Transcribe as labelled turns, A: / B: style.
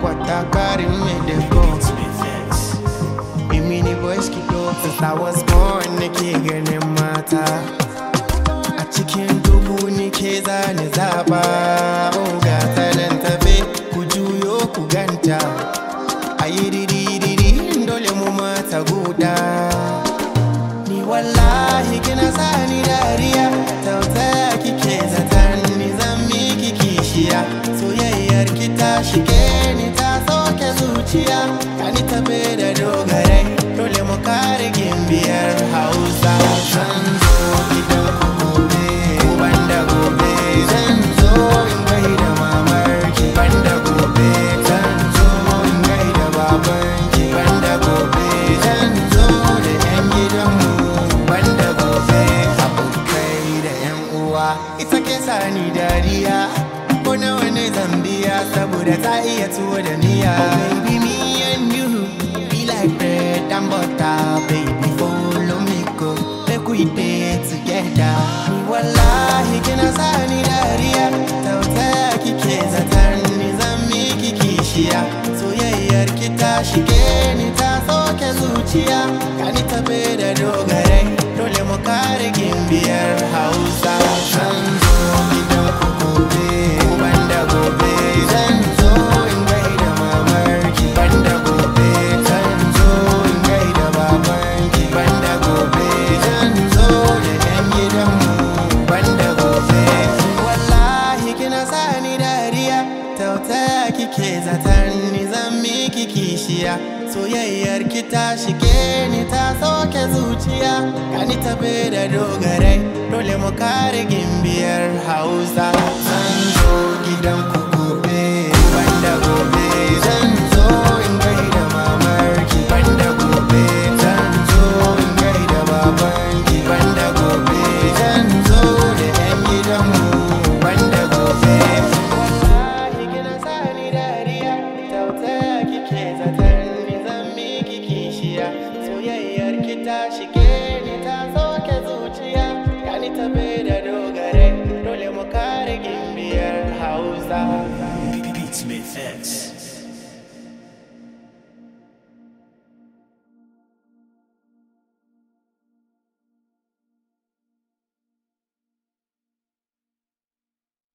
A: water carry me the guns Give me the boys keep up since I was born nake ganin mata A cikin dubu nake zane zaba Oh ga tanan tabe ku juyo ku ganta Ayi diri dole mu mata guda wallahi kina sani dariya tausaya kike zatan ni zan miki kishiya soyayyar ki ta shige ni ta sauke zuciya ka ni da dogarai dole mu kare gimbiyar hausa zan gidan gobe banda gobe zan zo gai da mamarki banda gobe zan zo banda gobe zan zo kowa ita ke sani dariya ko nawa ne zambiya saboda ta iya tuwo da miya baby me and you be like bread and butter baby follow me go make we dey together wallahi kina ni dariya tautaya kike zatar ni zan miki kishiya soyayyar ki ta shige ni ta soke zuciya ka ni tabe da dogare ke zatar ni zan miki kishiya soyayyar ki ta shige ni ta soke zuciya ni tabe da dogarai dole mu kare gimbiyar hausa zan zo gidan ku gobe nake zatar ni zan miki kishiya soyayyar ki ta shige ni ta soke zuciya ya ni tabe da dogare dole mu kare gimbiyar hausa Beats